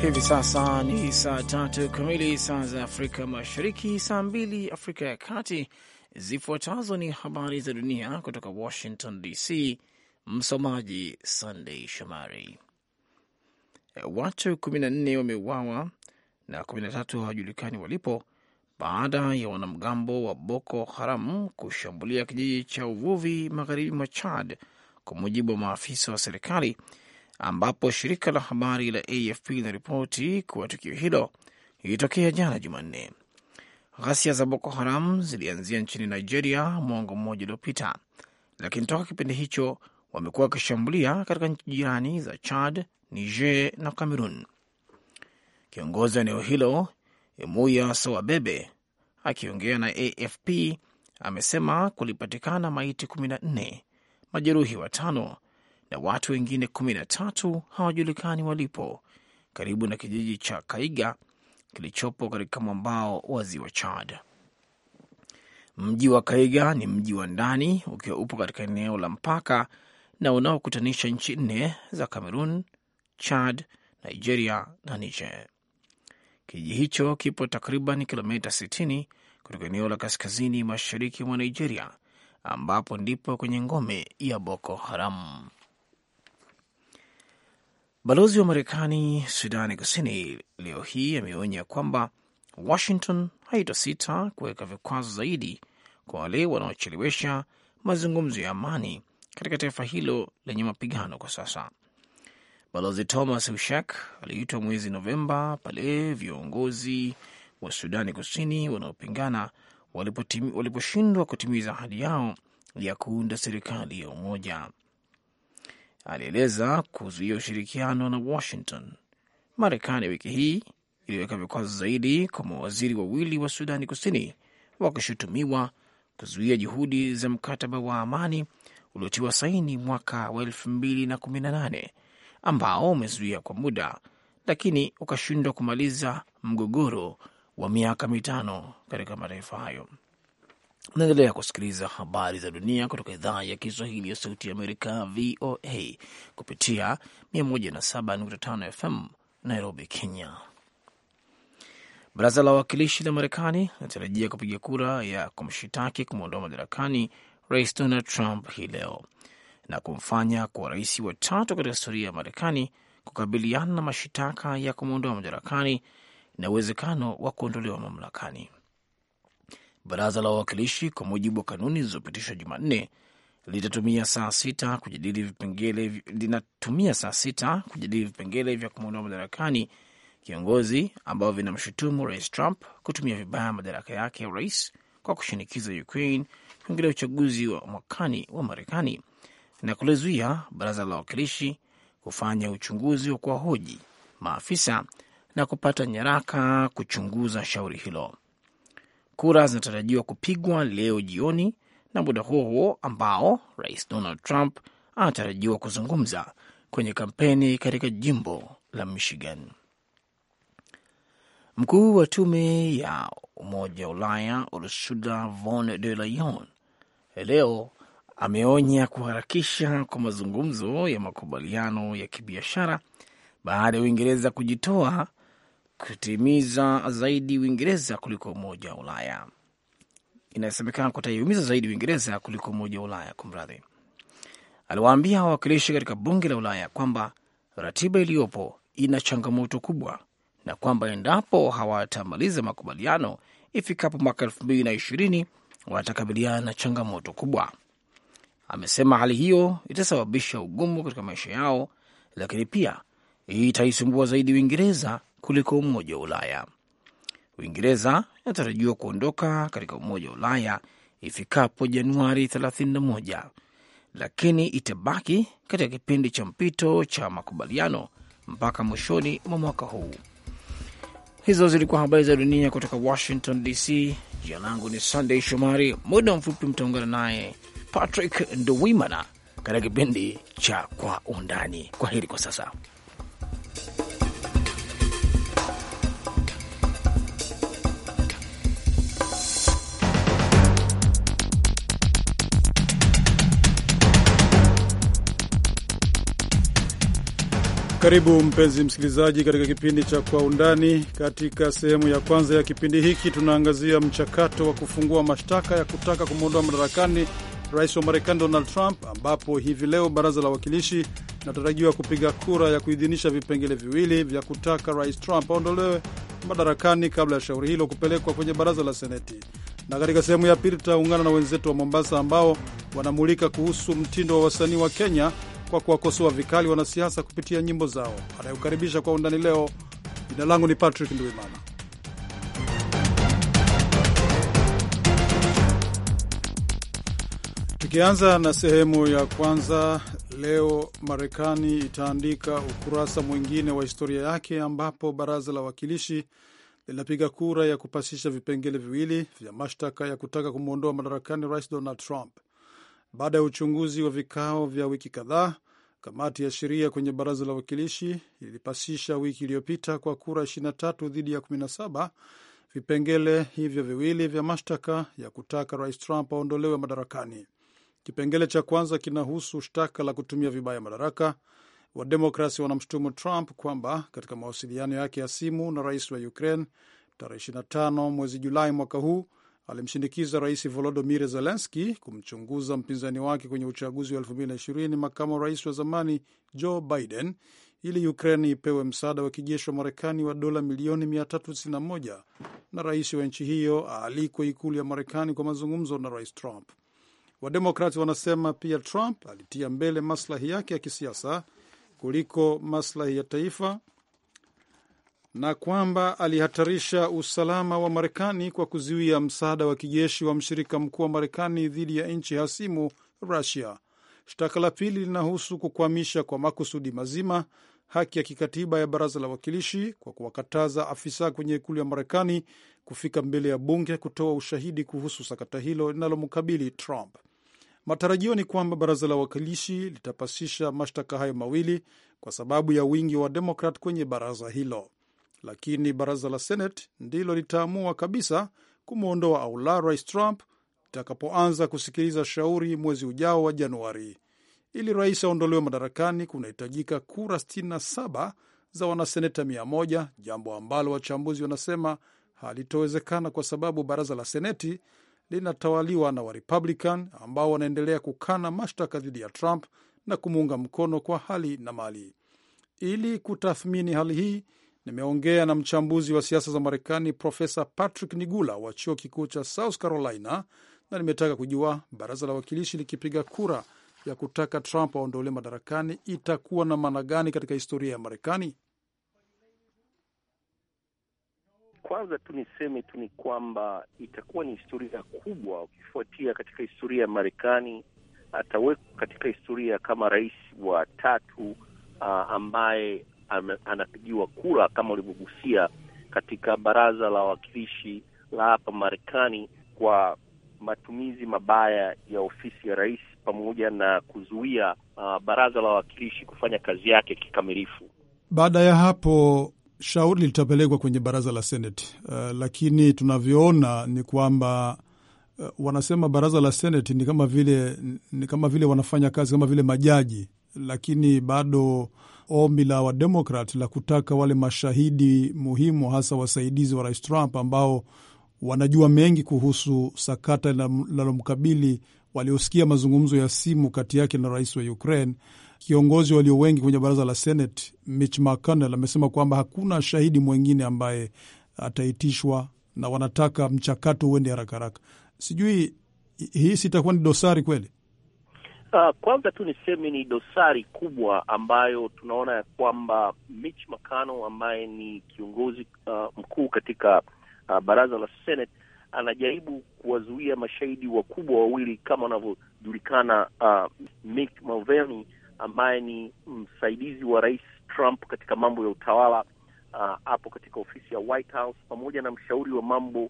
Hivi sasa ni saa tatu kamili saa za Afrika Mashariki, saa mbili Afrika ya Kati. Zifuatazo ni habari za dunia kutoka Washington DC. Msomaji Sandei Shomari. Watu 14 wameuawa na 13 hawajulikani walipo baada ya wanamgambo wa Boko Haram kushambulia kijiji cha uvuvi magharibi mwa Chad, kwa mujibu wa maafisa wa serikali ambapo shirika la habari la AFP linaripoti kuwa tukio hilo lilitokea jana Jumanne. Ghasia za Boko Haram zilianzia nchini Nigeria mwongo mmoja uliopita, lakini toka kipindi hicho wamekuwa wakishambulia katika nchi jirani za Chad, Niger na Cameroon. Kiongozi wa eneo hilo Emuya Sowabebe akiongea na AFP amesema kulipatikana maiti 14 na majeruhi watano na watu wengine kumi na tatu hawajulikani walipo karibu na kijiji cha Kaiga kilichopo katika mwambao wa ziwa Chad. Mji wa Kaiga ni mji wa ndani ukiwa upo katika eneo la mpaka na unaokutanisha nchi nne za Cameroon, Chad, Nigeria na Niger. Kijiji hicho kipo takriban kilomita 60 kutoka eneo la kaskazini mashariki mwa Nigeria, ambapo ndipo kwenye ngome ya Boko Haram. Balozi wa Marekani Sudani Kusini leo hii ameonya kwamba Washington haitasita kuweka vikwazo zaidi kwa wale wanaochelewesha mazungumzo ya amani katika taifa hilo lenye mapigano kwa sasa. Balozi Thomas Ushak aliitwa mwezi Novemba pale viongozi wa Sudani Kusini wanaopingana waliposhindwa kutimiza ahadi yao ya kuunda serikali ya umoja alieleza kuzuia ushirikiano na Washington. Marekani wiki hii iliweka vikwazo zaidi kwa mawaziri wawili wa Sudani Kusini wakishutumiwa kuzuia juhudi za mkataba wa amani uliotiwa saini mwaka wa elfu mbili na kumi na nane ambao umezuia kwa muda lakini ukashindwa kumaliza mgogoro wa miaka mitano katika mataifa hayo. Unaendelea kusikiliza habari za dunia kutoka idhaa ya Kiswahili ya Sauti ya Amerika, VOA, kupitia 107.5 FM Nairobi, Kenya. Baraza la Wawakilishi la Marekani linatarajia kupiga kura ya kumshitaki kumwondoa madarakani Rais Donald Trump hii leo na kumfanya kuwa rais wa tatu katika historia ya Marekani kukabiliana na mashitaka ya kumwondoa madarakani na uwezekano wa kuondolewa mamlakani. Baraza la Wawakilishi, kwa mujibu wa kanuni zilizopitishwa Jumanne, litatumia saa sita kujadili vipengele, linatumia saa sita kujadili vipengele vya kumwondoa madarakani kiongozi ambao vinamshutumu rais Trump kutumia vibaya madaraka yake ya urais kwa kushinikiza Ukraine kuingilia uchaguzi wa mwakani wa Marekani na kulizuia baraza la wawakilishi kufanya uchunguzi wa kuwahoji maafisa na kupata nyaraka kuchunguza shauri hilo. Kura zinatarajiwa kupigwa leo jioni, na muda huo huo ambao rais Donald Trump anatarajiwa kuzungumza kwenye kampeni katika jimbo la Michigan. Mkuu wa tume ya Umoja wa Ulaya Ursula von der Leyen leo ameonya kuharakisha kwa mazungumzo ya makubaliano ya kibiashara baada ya Uingereza kujitoa kutimiza zaidi Uingereza kuliko Umoja wa Ulaya, inasemekana kutaiumiza zaidi Uingereza kuliko Umoja wa Ulaya. Kumradhi, aliwaambia wawakilishi katika bunge la Ulaya kwamba ratiba iliyopo ina changamoto kubwa na kwamba endapo hawatamaliza makubaliano ifikapo mwaka elfu mbili na ishirini watakabiliana na changamoto kubwa. Amesema hali hiyo itasababisha ugumu katika maisha yao, lakini pia itaisumbua zaidi Uingereza kuliko Umoja wa Ulaya. Uingereza inatarajiwa kuondoka katika Umoja wa Ulaya ifikapo Januari 31 lakini itabaki katika kipindi cha mpito cha makubaliano mpaka mwishoni mwa mwaka huu. Hizo zilikuwa habari za dunia kutoka Washington DC. Jina langu ni Sunday Shomari. Muda mfupi mtaungana naye Patrick Nduwimana katika kipindi cha Kwa Undani. Kwa heri kwa sasa. Karibu mpenzi msikilizaji, katika kipindi cha Kwa Undani. Katika sehemu ya kwanza ya kipindi hiki, tunaangazia mchakato wa kufungua mashtaka ya kutaka kumwondoa madarakani rais wa Marekani Donald Trump, ambapo hivi leo baraza la wawakilishi linatarajiwa kupiga kura ya kuidhinisha vipengele viwili vya kutaka rais Trump aondolewe madarakani kabla ya shauri hilo kupelekwa kwenye baraza la Seneti. Na katika sehemu ya pili tutaungana na wenzetu wa Mombasa ambao wanamulika kuhusu mtindo wa wasanii wa Kenya kwa kuwakosoa vikali wanasiasa kupitia nyimbo zao. anayokaribisha kwa undani leo, jina langu ni Patrick Nduimana. Tukianza na sehemu ya kwanza, leo Marekani itaandika ukurasa mwingine wa historia yake ambapo baraza la wawakilishi linapiga kura ya kupasisha vipengele viwili vya mashtaka ya kutaka kumwondoa madarakani rais Donald Trump. Baada ya uchunguzi wa vikao vya wiki kadhaa, kamati ya sheria kwenye baraza la wawakilishi ilipasisha wiki iliyopita kwa kura 23 dhidi ya 17 vipengele hivyo viwili vya mashtaka ya kutaka rais Trump aondolewe madarakani. Kipengele cha kwanza kinahusu shtaka la kutumia vibaya madaraka. Wademokrasi wanamshutumu Trump kwamba katika mawasiliano yake ya simu na rais wa Ukraine tarehe 25 mwezi Julai mwaka huu alimshinikiza Rais Volodomir Zelenski kumchunguza mpinzani wake kwenye uchaguzi wa 2020 makamu wa rais wa zamani Joe Biden ili Ukraine ipewe msaada wa kijeshi wa Marekani wa dola milioni 391 na rais wa nchi hiyo aalikwe ikulu ya Marekani kwa mazungumzo na Rais Trump. Wademokrati wanasema pia Trump alitia mbele maslahi yake ya kisiasa kuliko maslahi ya taifa na kwamba alihatarisha usalama wa Marekani kwa kuzuia msaada wa kijeshi wa mshirika mkuu wa Marekani dhidi ya nchi hasimu Rusia. Shtaka la pili linahusu kukwamisha kwa makusudi mazima haki ya kikatiba ya baraza la wawakilishi kwa kuwakataza afisa kwenye ikulu ya Marekani kufika mbele ya bunge kutoa ushahidi kuhusu sakata hilo linalomkabili Trump. Matarajio ni kwamba baraza la wawakilishi litapasisha mashtaka hayo mawili kwa sababu ya wingi wa Demokrat kwenye baraza hilo lakini baraza la Senate ndilo litaamua kabisa kumwondoa au la Rais Trump itakapoanza kusikiliza shauri mwezi ujao wa Januari. Ili rais aondolewe madarakani, kunahitajika kura 67 za wanaseneta 100, jambo ambalo wachambuzi wanasema halitowezekana kwa sababu baraza la Seneti linatawaliwa na Warepublican ambao wanaendelea kukana mashtaka dhidi ya Trump na kumuunga mkono kwa hali na mali. Ili kutathmini hali hii, Nimeongea na mchambuzi wa siasa za Marekani Profesa Patrick Nigula wa chuo kikuu cha South Carolina, na nimetaka kujua baraza la wawakilishi likipiga kura ya kutaka Trump aondolewe madarakani itakuwa na maana gani katika historia ya Marekani. Kwanza tu niseme tu ni kwamba itakuwa ni historia kubwa, ukifuatia katika historia ya Marekani atawekwa katika historia kama rais wa tatu uh, ambaye anapigiwa kura kama ulivyogusia katika baraza la wawakilishi la hapa Marekani kwa matumizi mabaya ya ofisi ya rais pamoja na kuzuia uh, baraza la wawakilishi kufanya kazi yake kikamilifu. Baada ya hapo shauri litapelekwa kwenye baraza la Seneti. Uh, lakini tunavyoona ni kwamba uh, wanasema baraza la Seneti ni kama vile ni kama vile wanafanya kazi kama vile majaji, lakini bado ombi la Wademokrat la kutaka wale mashahidi muhimu, hasa wasaidizi wa rais Trump ambao wanajua mengi kuhusu sakata linalomkabili, waliosikia mazungumzo ya simu kati yake na rais wa Ukraine. Kiongozi walio wengi kwenye baraza la Senate Mitch McConnell amesema kwamba hakuna shahidi mwengine ambaye ataitishwa na wanataka mchakato uende haraka haraka. Sijui hii sitakuwa ni dosari kweli? Uh, kwanza tu niseme ni dosari kubwa ambayo tunaona ya kwamba Mitch McConnell ambaye ni kiongozi uh, mkuu katika uh, baraza la Senate anajaribu kuwazuia mashahidi wakubwa wawili kama wanavyojulikana, uh, Mick Mulvaney ambaye ni msaidizi wa Rais Trump katika mambo ya utawala uh, hapo, uh, katika ofisi ya White House pamoja na mshauri wa mambo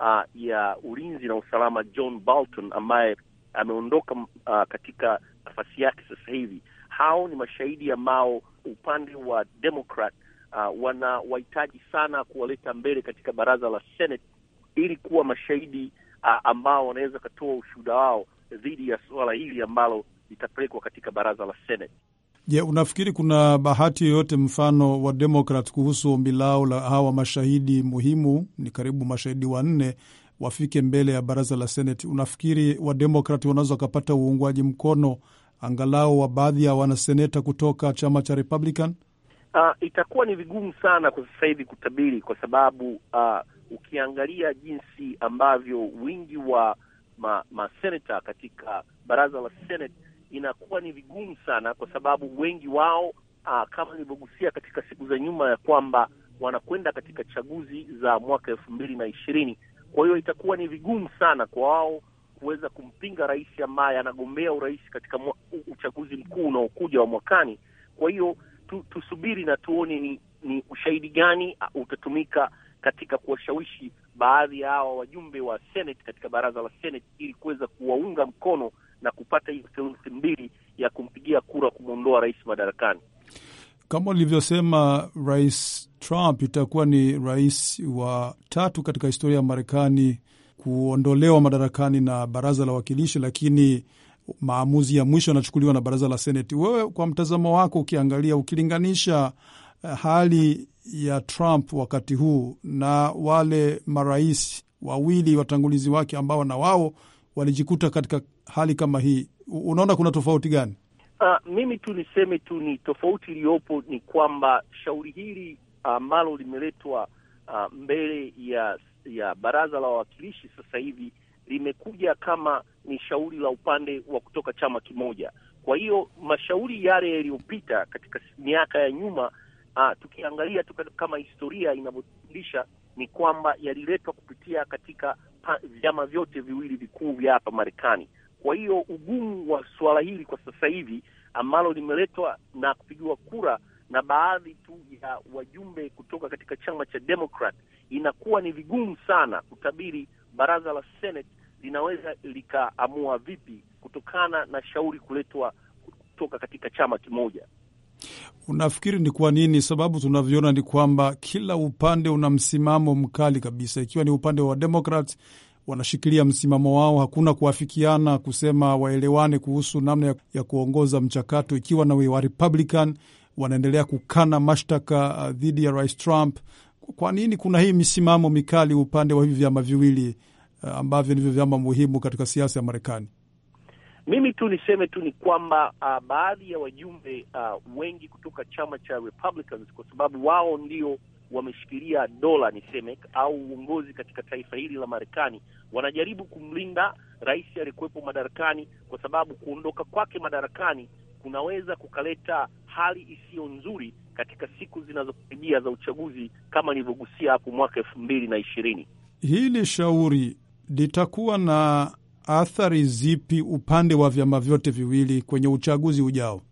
uh, ya ulinzi na usalama John Bolton ambaye ameondoka uh, katika nafasi yake sasa hivi. Hao ni mashahidi ambao upande wa Democrat uh, wana wahitaji sana kuwaleta mbele katika baraza la Senate ili kuwa mashahidi uh, ambao wanaweza wakatoa ushuhuda wao dhidi ya suala hili ambalo litapelekwa katika baraza la Senate. Je, unafikiri kuna bahati yoyote mfano wa Demokrat kuhusu ombi lao la hawa mashahidi muhimu, ni karibu mashahidi wanne wafike mbele ya baraza la Seneti. Unafikiri Wademokrati wanaweza wakapata uungwaji mkono angalau wa baadhi ya wanaseneta kutoka chama cha Republican? Uh, itakuwa ni vigumu sana kwa sasa hivi kutabiri, kwa sababu uh, ukiangalia jinsi ambavyo wingi wa ma, maseneta katika baraza la Senate inakuwa ni vigumu sana, kwa sababu wengi wao uh, kama nilivyogusia katika siku za nyuma ya kwamba wanakwenda katika chaguzi za mwaka elfu mbili na ishirini kwa hiyo itakuwa ni vigumu sana kwa wao kuweza kumpinga rais ambaye anagombea urais katika uchaguzi mkuu unaokuja wa mwakani. Kwa hiyo tu, tusubiri na tuone ni, ni ushahidi gani utatumika katika kuwashawishi baadhi ya hawa wajumbe wa Senate katika baraza la Senate ili kuweza kuwaunga mkono na kupata hiyo theluthi mbili ya kumpigia kura kumwondoa rais madarakani. Kama ilivyosema Rais Trump, itakuwa ni rais wa tatu katika historia ya Marekani kuondolewa madarakani na baraza la wakilishi, lakini maamuzi ya mwisho yanachukuliwa na baraza la Seneti. Wewe kwa mtazamo wako, ukiangalia, ukilinganisha eh, hali ya Trump wakati huu na wale marais wawili watangulizi wake ambao na wao walijikuta katika hali kama hii, unaona kuna tofauti gani? Uh, mimi tu niseme tu ni tofauti iliyopo ni kwamba shauri hili ah, ambalo uh, limeletwa uh, mbele ya ya baraza la wawakilishi sasa hivi limekuja kama ni shauri la upande wa kutoka chama kimoja. Kwa hiyo mashauri yale yaliyopita katika miaka ya nyuma uh, tukiangalia tuka, kama historia inavyofundisha ni kwamba yaliletwa kupitia katika vyama vyote viwili vikuu vya hapa Marekani. Kwa hiyo ugumu wa suala hili kwa sasa hivi ambalo limeletwa na kupigiwa kura na baadhi tu ya wajumbe kutoka katika chama cha Democrat, inakuwa ni vigumu sana kutabiri baraza la Senate linaweza likaamua vipi kutokana na shauri kuletwa kutoka katika chama kimoja. Unafikiri ni kwa nini? Sababu tunavyoona ni kwamba kila upande una msimamo mkali kabisa, ikiwa ni upande wa Democrat wanashikilia msimamo wao. Hakuna kuafikiana kusema waelewane kuhusu namna ya kuongoza mchakato, ikiwa na wa Republican wanaendelea kukana mashtaka uh, dhidi ya Rais Trump. Kwa nini kuna hii misimamo mikali upande wa hivi vyama viwili uh, ambavyo ndivyo vyama muhimu katika siasa ya Marekani? Mimi tu niseme tu ni kwamba uh, baadhi ya wajumbe uh, wengi kutoka chama cha Republicans, kwa sababu wao ndio wameshikilia dola niseme, au uongozi katika taifa hili la Marekani, wanajaribu kumlinda rais aliyekuwepo madarakani, kwa sababu kuondoka kwake madarakani kunaweza kukaleta hali isiyo nzuri katika siku zinazokaribia za uchaguzi, kama nilivyogusia hapo mwaka elfu mbili na ishirini. Hili shauri litakuwa na athari zipi upande wa vyama vyote viwili kwenye uchaguzi ujao?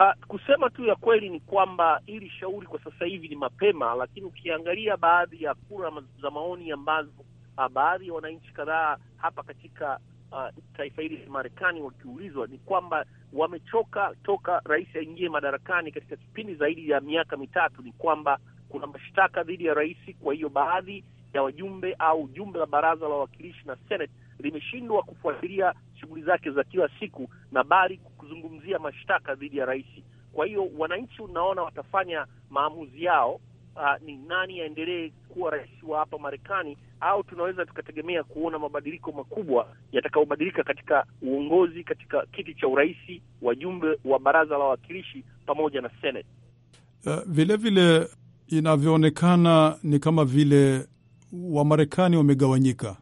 Uh, kusema tu ya kweli ni kwamba ili shauri kwa sasa hivi ni mapema, lakini ukiangalia baadhi ya kura za maoni ambazo uh, baadhi ya wananchi kadhaa hapa katika uh, taifa hili la Marekani wakiulizwa ni kwamba wamechoka toka rais aingie madarakani katika kipindi zaidi ya miaka mitatu, ni kwamba kuna mashtaka dhidi ya rais. Kwa hiyo baadhi ya wajumbe au jumbe la baraza la wawakilishi na Senate limeshindwa kufuatilia shughuli zake za kila siku na bali kuzungumzia mashtaka dhidi ya rais. Kwa hiyo wananchi, unaona, watafanya maamuzi yao, uh, ni nani aendelee kuwa rais wa hapa Marekani au tunaweza tukategemea kuona mabadiliko makubwa yatakayobadilika katika uongozi, katika kiti cha urais, wajumbe wa baraza la wawakilishi pamoja na Senate. Uh, vilevile inavyoonekana ni kama vile Wamarekani wamegawanyika,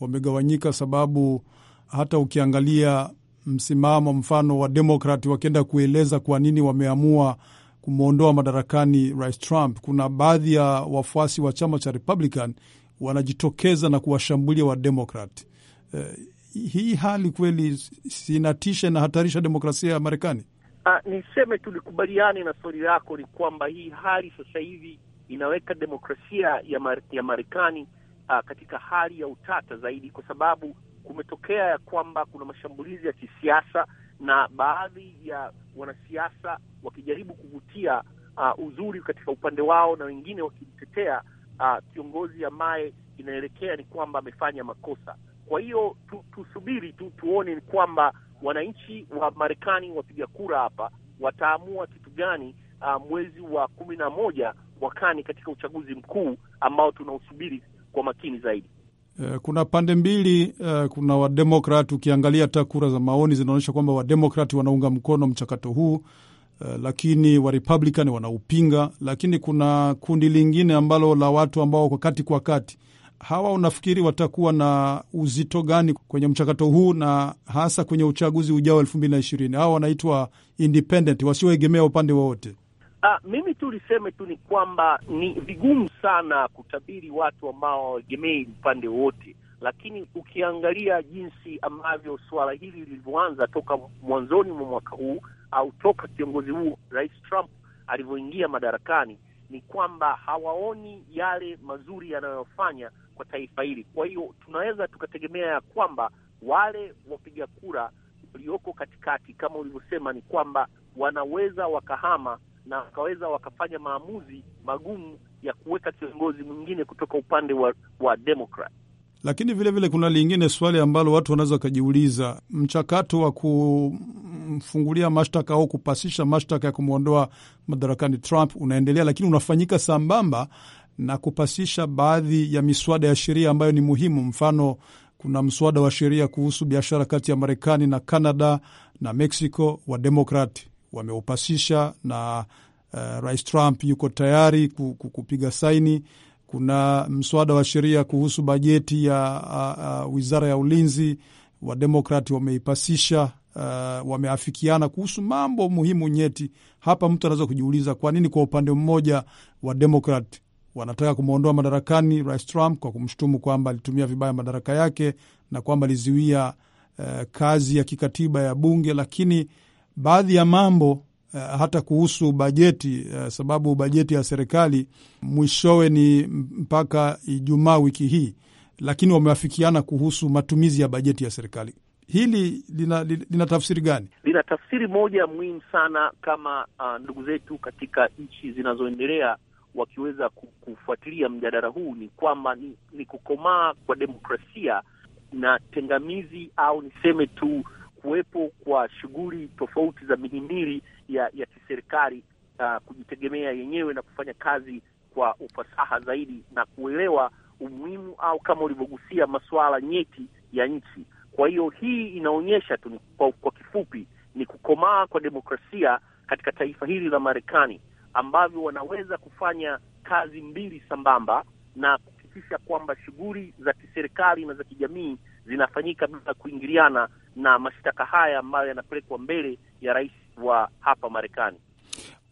wamegawanyika sababu hata ukiangalia msimamo mfano wa demokrati wakienda kueleza kwa nini wameamua kumwondoa madarakani rais Trump, kuna baadhi ya wafuasi wa chama cha Republican wanajitokeza na kuwashambulia Wademokrat. Uh, eh, hii hali kweli sinatisha, inahatarisha demokrasia ya Marekani. Uh, niseme tulikubaliane na swali lako ni kwamba hii hali sasa hivi inaweka demokrasia ya Marekani uh, katika hali ya utata zaidi, kwa sababu kumetokea ya kwamba kuna mashambulizi ya kisiasa na baadhi ya wanasiasa wakijaribu kuvutia uh, uzuri katika upande wao na wengine wakimtetea uh, kiongozi ambaye inaelekea ni kwamba amefanya makosa. Kwa hiyo tu, tusubiri tu tuone ni kwamba wananchi wa Marekani wapiga kura hapa wataamua kitu gani uh, mwezi wa kumi na moja mwakani katika uchaguzi mkuu ambao tunausubiri kwa makini zaidi. Eh, kuna pande mbili. Eh, kuna Wademokrat, ukiangalia hata kura za maoni zinaonyesha kwamba Wademokrat wanaunga mkono mchakato huu, eh, lakini Warepublican wanaupinga. Lakini kuna kundi lingine ambalo la watu ambao kwa kati kwa kati hawa unafikiri watakuwa na uzito gani kwenye mchakato huu na hasa kwenye uchaguzi ujao elfu mbili na ishirini? Hawa wanaitwa independent, wasioegemea upande wowote wa Ah, mimi tu liseme tu ni kwamba ni vigumu sana kutabiri watu ambao hawaegemei upande wote lakini ukiangalia jinsi ambavyo suala hili lilivyoanza toka mwanzoni mwa mwaka huu au toka kiongozi huu Rais Trump alivyoingia madarakani, ni kwamba hawaoni yale mazuri yanayofanya kwa taifa hili. Kwa hiyo tunaweza tukategemea ya kwamba wale wapiga kura walioko katikati, kama ulivyosema, ni kwamba wanaweza wakahama na wakaweza wakafanya maamuzi magumu ya kuweka kiongozi mwingine kutoka upande wa, wa Demokrat. Lakini vilevile vile kuna lingine swali ambalo watu wanaweza wakajiuliza, mchakato wa kumfungulia mashtaka au kupasisha mashtaka ya kumwondoa madarakani Trump unaendelea, lakini unafanyika sambamba na kupasisha baadhi ya miswada ya sheria ambayo ni muhimu. Mfano, kuna mswada wa sheria kuhusu biashara kati ya Marekani na canada na Mexico wa Demokrati wameupasisha na uh, Rais Trump yuko tayari kupiga saini. Kuna mswada wa sheria kuhusu bajeti ya uh, uh, wizara ya ulinzi, Wademokrati wameipasisha. Uh, wameafikiana kuhusu mambo muhimu nyeti. Hapa mtu anaweza kujiuliza kwa nini kwa upande mmoja Wademokrat wanataka kumwondoa madarakani Rais Trump kwa kumshutumu kwamba alitumia vibaya madaraka yake na kwamba alizuia uh, eh, kazi ya kikatiba ya bunge, lakini baadhi ya mambo eh, hata kuhusu bajeti, eh, sababu bajeti ya serikali mwishowe ni mpaka Ijumaa wiki hii, lakini wamewafikiana kuhusu matumizi ya bajeti ya serikali. Hili lina, lina tafsiri gani? Lina tafsiri moja muhimu sana, kama uh, ndugu zetu katika nchi zinazoendelea wakiweza kufuatilia mjadala huu, ni kwamba ni, ni kukomaa kwa demokrasia na tengamizi au niseme tu kuwepo kwa shughuli tofauti za mihimili ya, ya kiserikali uh, kujitegemea yenyewe na kufanya kazi kwa ufasaha zaidi na kuelewa umuhimu au kama ulivyogusia masuala nyeti ya nchi. Kwa hiyo hii inaonyesha tu kwa, kwa kifupi ni kukomaa kwa demokrasia katika taifa hili la Marekani ambavyo wanaweza kufanya kazi mbili sambamba na kuhakikisha kwamba shughuli za kiserikali na za kijamii zinafanyika bila kuingiliana na mashtaka haya ambayo yanapelekwa mbele ya rais wa hapa Marekani.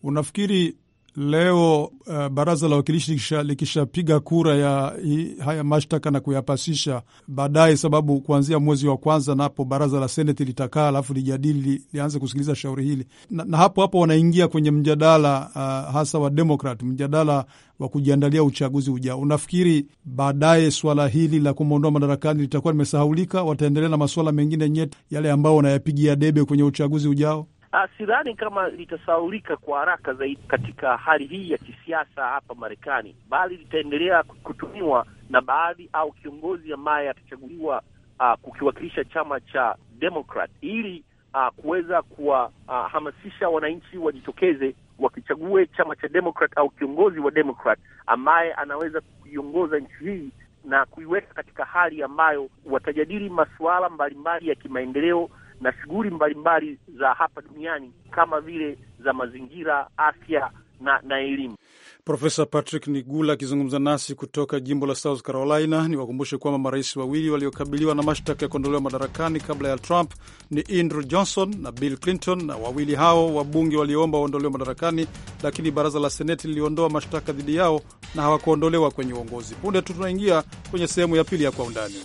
Unafikiri leo uh, baraza la wakilishi likishapiga kura ya hi, haya mashtaka na kuyapasisha baadaye, sababu kuanzia mwezi wa kwanza napo baraza la seneti litakaa, alafu lijadili lianze kusikiliza shauri hili na, na hapo hapo wanaingia kwenye mjadala uh, hasa wa Demokrat, mjadala wa kujiandalia uchaguzi ujao. Unafikiri baadaye swala hili la kumwondoa madarakani litakuwa limesahaulika? Wataendelea na masuala mengine nyeti yale ambao wanayapigia debe kwenye uchaguzi ujao? Ah, sidhani kama litasaulika kwa haraka zaidi katika hali hii ya kisiasa hapa Marekani, bali litaendelea kutumiwa na baadhi au kiongozi ambaye atachaguliwa uh, kukiwakilisha chama cha Democrat ili uh, kuweza kuwahamasisha uh, wananchi wajitokeze wakichague chama cha Democrat au kiongozi wa Democrat ambaye anaweza kuiongoza nchi hii na kuiweka katika hali ambayo watajadili masuala mbalimbali ya kimaendeleo na shughuli mbalimbali za hapa duniani kama vile za mazingira, afya na, na elimu. Profesa Patrick Nigula akizungumza nasi kutoka jimbo la South Carolina. Niwakumbushe kwamba marais wawili waliokabiliwa na mashtaka ya kuondolewa madarakani kabla ya Trump ni Andrew Johnson na Bill Clinton, na wawili hao wabunge walioomba waondolewe madarakani, lakini baraza la Seneti liliondoa mashtaka dhidi yao na hawakuondolewa kwenye uongozi. Punde tu tunaingia kwenye sehemu ya pili ya Kwa Undani.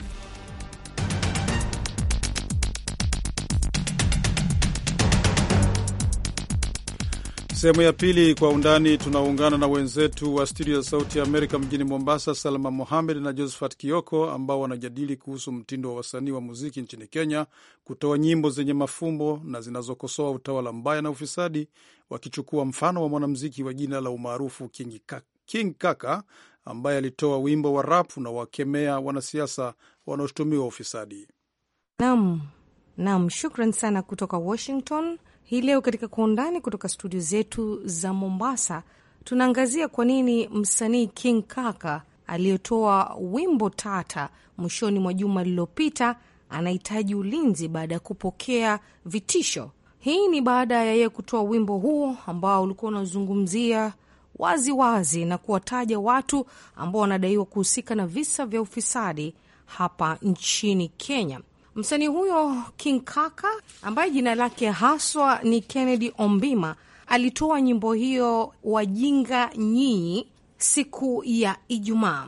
Sehemu ya pili kwa undani, tunaungana na wenzetu wa studio ya Sauti ya Amerika mjini Mombasa, Salma Mohamed na Josephat Kioko, ambao wanajadili kuhusu mtindo wa wasanii wa muziki nchini Kenya kutoa nyimbo zenye mafumbo na zinazokosoa utawala mbaya na ufisadi, wakichukua mfano wa mwanamziki wa jina la umaarufu King, King Kaka ambaye alitoa wimbo wa rap na wakemea wanasiasa wanaoshutumiwa ufisadi. Nam nam, shukran sana kutoka Washington. Hii leo katika Kwa Undani kutoka studio zetu za Mombasa, tunaangazia kwa nini msanii King Kaka aliyotoa wimbo tata mwishoni mwa juma lililopita anahitaji ulinzi baada ya kupokea vitisho. Hii ni baada ya yeye kutoa wimbo huo ambao ulikuwa unazungumzia wazi wazi na kuwataja watu ambao wanadaiwa kuhusika na visa vya ufisadi hapa nchini Kenya. Msanii huyo King Kaka ambaye jina lake haswa ni Kennedy Ombima alitoa nyimbo hiyo wajinga nyinyi siku ya Ijumaa.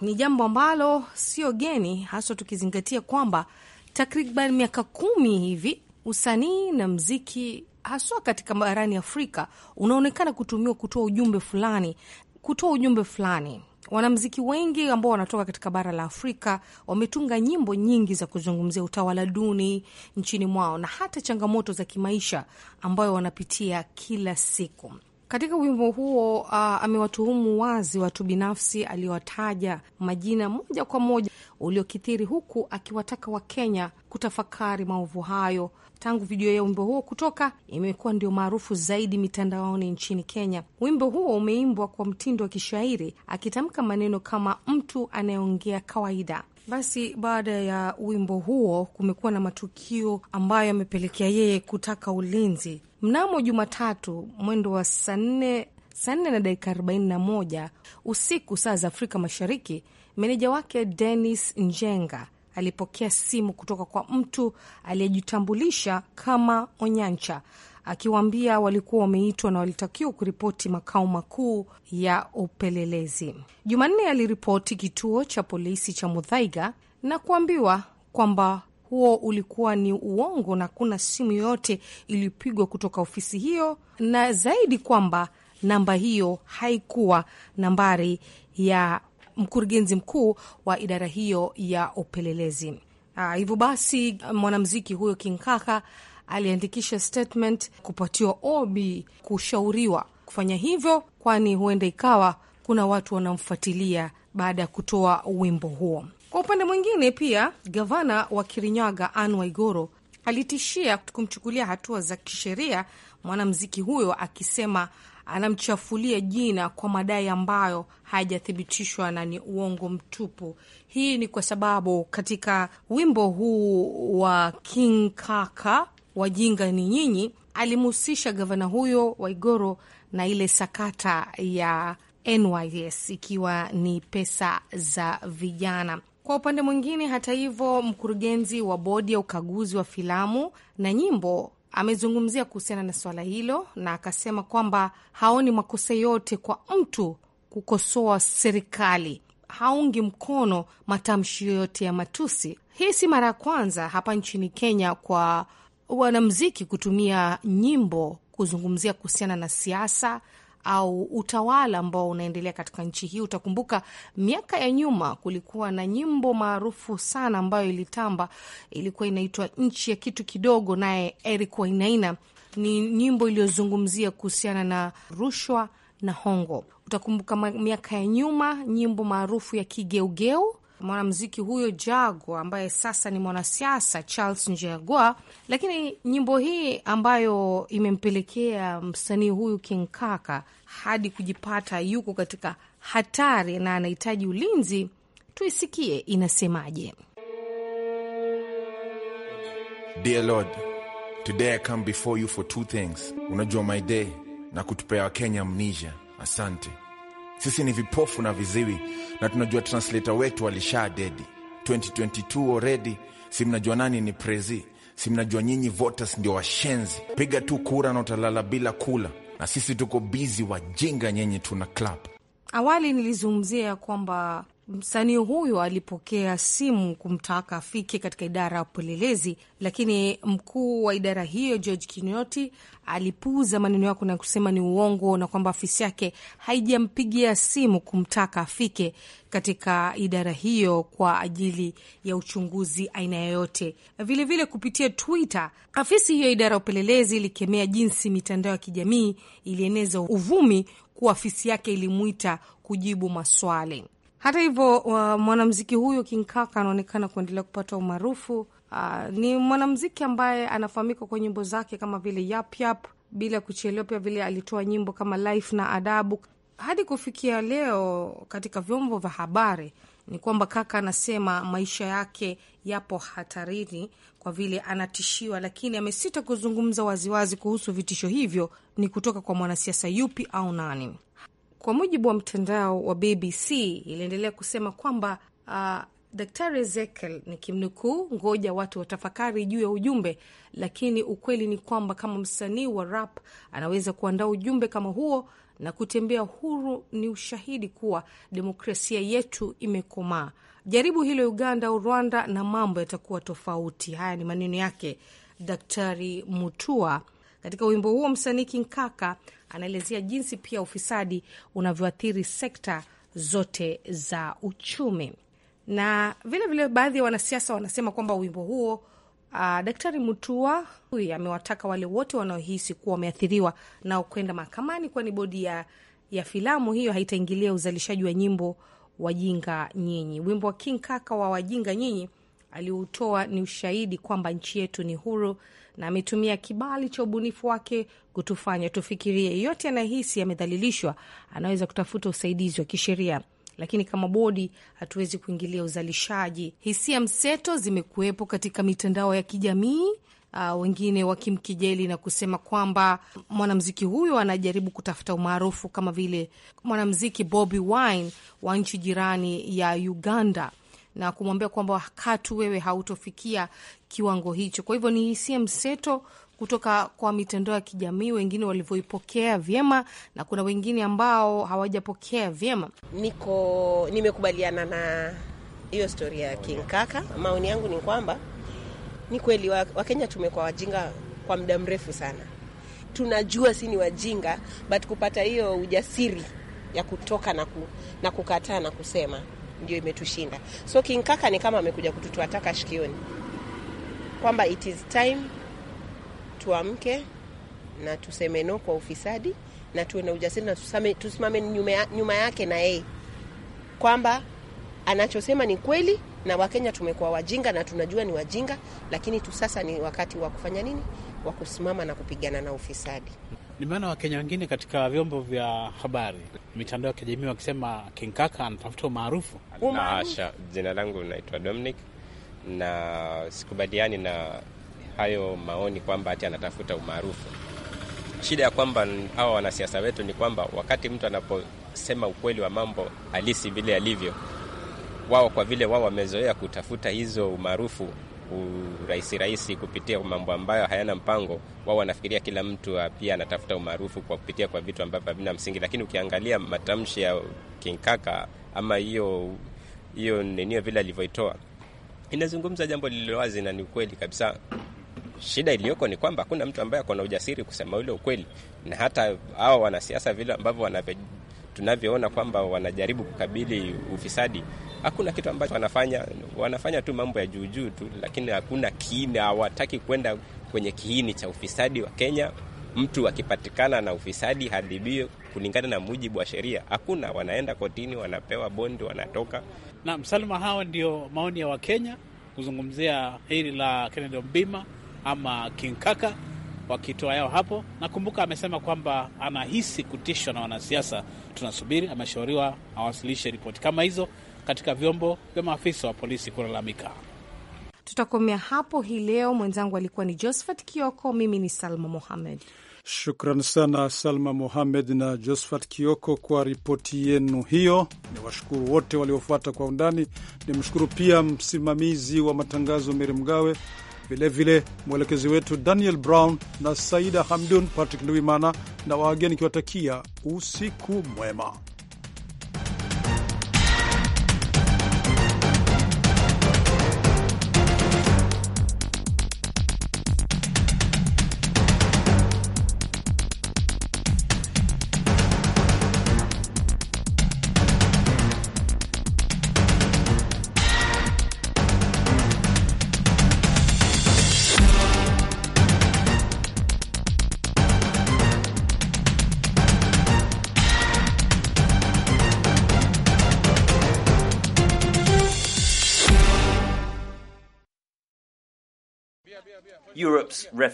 Ni jambo ambalo sio geni, haswa tukizingatia kwamba takriban miaka kumi hivi usanii na mziki haswa katika barani Afrika unaonekana kutumiwa kutoa ujumbe fulani, kutoa ujumbe fulani Wanamziki wengi ambao wanatoka katika bara la Afrika wametunga nyimbo nyingi za kuzungumzia utawala duni nchini mwao na hata changamoto za kimaisha ambayo wanapitia kila siku. Katika wimbo huo uh, amewatuhumu wazi watu binafsi aliyowataja majina moja kwa moja uliokithiri, huku akiwataka Wakenya kutafakari maovu hayo. Tangu video ya wimbo huo kutoka, imekuwa ndio maarufu zaidi mitandaoni nchini Kenya. Wimbo huo umeimbwa kwa mtindo wa kishairi, akitamka maneno kama mtu anayeongea kawaida. Basi baada ya wimbo huo kumekuwa na matukio ambayo yamepelekea yeye kutaka ulinzi Mnamo Jumatatu mwendo wa saa nne saa nne na dakika arobaini na moja usiku saa za Afrika Mashariki, meneja wake Denis Njenga alipokea simu kutoka kwa mtu aliyejitambulisha kama Onyancha akiwaambia walikuwa wameitwa na walitakiwa kuripoti makao makuu ya upelelezi. Jumanne aliripoti kituo cha polisi cha Mudhaiga na kuambiwa kwamba huo ulikuwa ni uongo na kuna simu yoyote iliyopigwa kutoka ofisi hiyo, na zaidi kwamba namba hiyo haikuwa nambari ya mkurugenzi mkuu wa idara hiyo ya upelelezi. Ah, hivyo basi mwanamuziki huyo kinkaka aliandikisha statement kupatiwa obi, kushauriwa kufanya hivyo, kwani huenda ikawa kuna watu wanamfuatilia baada ya kutoa wimbo huo. Kwa upande mwingine, pia gavana wa Kirinyaga Anne Waiguru alitishia kumchukulia hatua za kisheria mwanamuziki huyo akisema anamchafulia jina kwa madai ambayo hayajathibitishwa na ni uongo mtupu. Hii ni kwa sababu katika wimbo huu wa King Kaka, wajinga ni nyinyi, alimhusisha gavana huyo Waigoro na ile sakata ya NYS ikiwa ni pesa za vijana. Kwa upande mwingine, hata hivyo, mkurugenzi wa bodi ya ukaguzi wa filamu na nyimbo amezungumzia kuhusiana na swala hilo na akasema kwamba haoni makosa yote kwa mtu kukosoa serikali. Haungi mkono matamshi yoyote ya matusi. Hii si mara ya kwanza hapa nchini Kenya kwa wanamziki kutumia nyimbo kuzungumzia kuhusiana na siasa au utawala ambao unaendelea katika nchi hii. Utakumbuka miaka ya nyuma kulikuwa na nyimbo maarufu sana ambayo ilitamba, ilikuwa inaitwa nchi ya kitu kidogo, naye Eric Wainaina. Ni nyimbo iliyozungumzia kuhusiana na rushwa na hongo. Utakumbuka miaka ya nyuma nyimbo maarufu ya Kigeugeu mwanamziki huyo Jaguar ambaye sasa ni mwanasiasa Charles Njagua. Lakini nyimbo hii ambayo imempelekea msanii huyu King Kaka hadi kujipata yuko katika hatari na anahitaji ulinzi, tuisikie inasemaje. Dear Lord, today I come before you for two things. Unajua my day na kutupea Wakenya amnesia. Asante sisi ni vipofu na viziwi, na tunajua translator wetu alishaa dedi 2022 already. Si mnajua nani ni prezi? Si mnajua nyinyi voters ndio washenzi? Piga tu kura na utalala bila kula, na sisi tuko bizi wajinga, nyenye tuna club. Awali nilizungumzia kwamba Msanii huyu alipokea simu kumtaka afike katika idara ya upelelezi, lakini mkuu wa idara hiyo George Kinoti alipuuza maneno yako na kusema ni uongo na kwamba afisi yake haijampigia simu kumtaka afike katika idara hiyo kwa ajili ya uchunguzi aina yoyote. Vilevile, kupitia Twitter, afisi hiyo idara ya upelelezi ilikemea jinsi mitandao ya kijamii ilieneza uvumi kuwa afisi yake ilimwita kujibu maswali. Hata hivyo, mwanamziki huyo King Kaka anaonekana kuendelea kupata umaarufu. Uh, ni mwanamziki ambaye anafahamika kwa nyimbo zake kama vile Yap Yap bila kuchelewa. Pia vile alitoa nyimbo kama Life na Adabu. Hadi kufikia leo katika vyombo vya habari ni kwamba Kaka anasema maisha yake yapo hatarini kwa vile anatishiwa, lakini amesita kuzungumza waziwazi kuhusu vitisho hivyo ni kutoka kwa mwanasiasa yupi au nani. Kwa mujibu wa mtandao wa BBC, iliendelea kusema kwamba uh, Daktari Ezekiel ni kimnukuu, ngoja watu watafakari juu ya ujumbe, lakini ukweli ni kwamba kama msanii wa rap anaweza kuandaa ujumbe kama huo na kutembea huru, ni ushahidi kuwa demokrasia yetu imekomaa. Jaribu hilo Uganda au Rwanda na mambo yatakuwa tofauti. Haya ni maneno yake Daktari Mutua katika wimbo huo msanii Kinkaka anaelezea jinsi pia ufisadi unavyoathiri sekta zote za uchumi, na vilevile baadhi ya wanasiasa wanasema kwamba wimbo huo Uh, Daktari Mutua huyu amewataka wale wote wanaohisi kuwa wameathiriwa nao kwenda mahakamani, kwani bodi ya, ya filamu hiyo haitaingilia uzalishaji wa nyimbo Wajinga Nyinyi. Wimbo wa King Kaka wa Wajinga Nyinyi aliutoa ni ushahidi kwamba nchi yetu ni huru na ametumia kibali cha ubunifu wake kutufanya tufikirie. yote anayehisi amedhalilishwa anaweza kutafuta usaidizi wa kisheria, lakini kama bodi hatuwezi kuingilia uzalishaji. Hisia mseto zimekuwepo katika mitandao ya kijamii. Uh, wengine wakimkijeli na kusema kwamba mwanamziki huyo anajaribu kutafuta umaarufu kama vile mwanamziki Bobi Wine wa nchi jirani ya Uganda na kumwambia kwamba katu wewe hautofikia kiwango hicho. Kwa hivyo ni hisia mseto kutoka kwa mitandao ya kijamii, wengine walivyoipokea vyema na kuna wengine ambao hawajapokea vyema. Niko nimekubaliana na hiyo stori ya King Kaka. Maoni yangu ni kwamba ni kweli Wakenya tumekuwa wajinga kwa muda mrefu sana, tunajua si ni wajinga, but kupata hiyo ujasiri ya kutoka na, ku, na kukataa na kusema ndio imetushinda. So kinkaka ni kama amekuja kututoa taka shikioni, kwamba it is time tuamke na tuseme no kwa ufisadi na tuwe na ujasiri na tusimame nyuma yake na yeye kwamba anachosema ni kweli, na Wakenya tumekuwa wajinga na tunajua ni wajinga, lakini tu sasa ni wakati wa kufanya nini, wa kusimama na kupigana na ufisadi. Nimeona Wakenya wengine katika vyombo vya habari, mitandao ya kijamii wakisema Kinkaka anatafuta umaarufu. Asha, jina langu naitwa Dominic na sikubaliani na hayo maoni kwamba hati anatafuta umaarufu. Shida ya kwamba hawa wanasiasa wetu ni kwamba wakati mtu anaposema ukweli wa mambo halisi vile alivyo, wao kwa vile wao wamezoea kutafuta hizo umaarufu, kurahisi rahisi kupitia mambo ambayo hayana mpango. Wao wanafikiria kila mtu ah, pia anatafuta umaarufu kwa kupitia kwa vitu ambavyo havina msingi, lakini ukiangalia matamshi ya King Kaka ama hiyo hiyo nenio vile alivyoitoa inazungumza jambo lililo wazi na ni ukweli kabisa. Shida iliyoko ni kwamba hakuna mtu ambaye ako na ujasiri kusema ule ukweli, na hata hao wanasiasa vile ambavyo tunavyoona kwamba wanajaribu kukabili ufisadi, hakuna kitu ambacho wanafanya. Wanafanya tu mambo ya juujuu tu, lakini hakuna kiini. Hawataki kwenda kwenye kiini cha ufisadi wa Kenya. Mtu akipatikana na ufisadi hadhibiwe kulingana na mujibu wa sheria. Hakuna, wanaenda kotini, wanapewa bondi, wanatoka. Naam, Salma, hawa ndio maoni ya Wakenya kuzungumzia hili la Kennedy mbima ama King Kaka wakitoa yao hapo. Nakumbuka amesema kwamba anahisi kutishwa na wanasiasa. Tunasubiri, ameshauriwa awasilishe ripoti kama hizo katika vyombo vya maafisa wa polisi kulalamika. Tutakomea hapo hii leo. Mwenzangu alikuwa ni Josephat Kioko, mimi ni Salma Mohamed. Shukran sana Salma Mohamed na Josephat Kioko kwa ripoti yenu hiyo. Ni washukuru wote waliofuata kwa undani. Nimshukuru pia msimamizi wa matangazo Meri Mgawe vilevile mwelekezi wetu Daniel Brown na Saida Hamdun, Patrick Ndwimana na wageni kiwatakia usiku mwema. Europe's refugees.